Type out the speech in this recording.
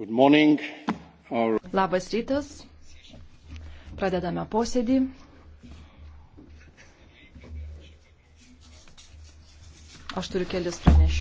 Our... Labas rytas. Pradedame posėdį. Aš turiu kelis pranešimus.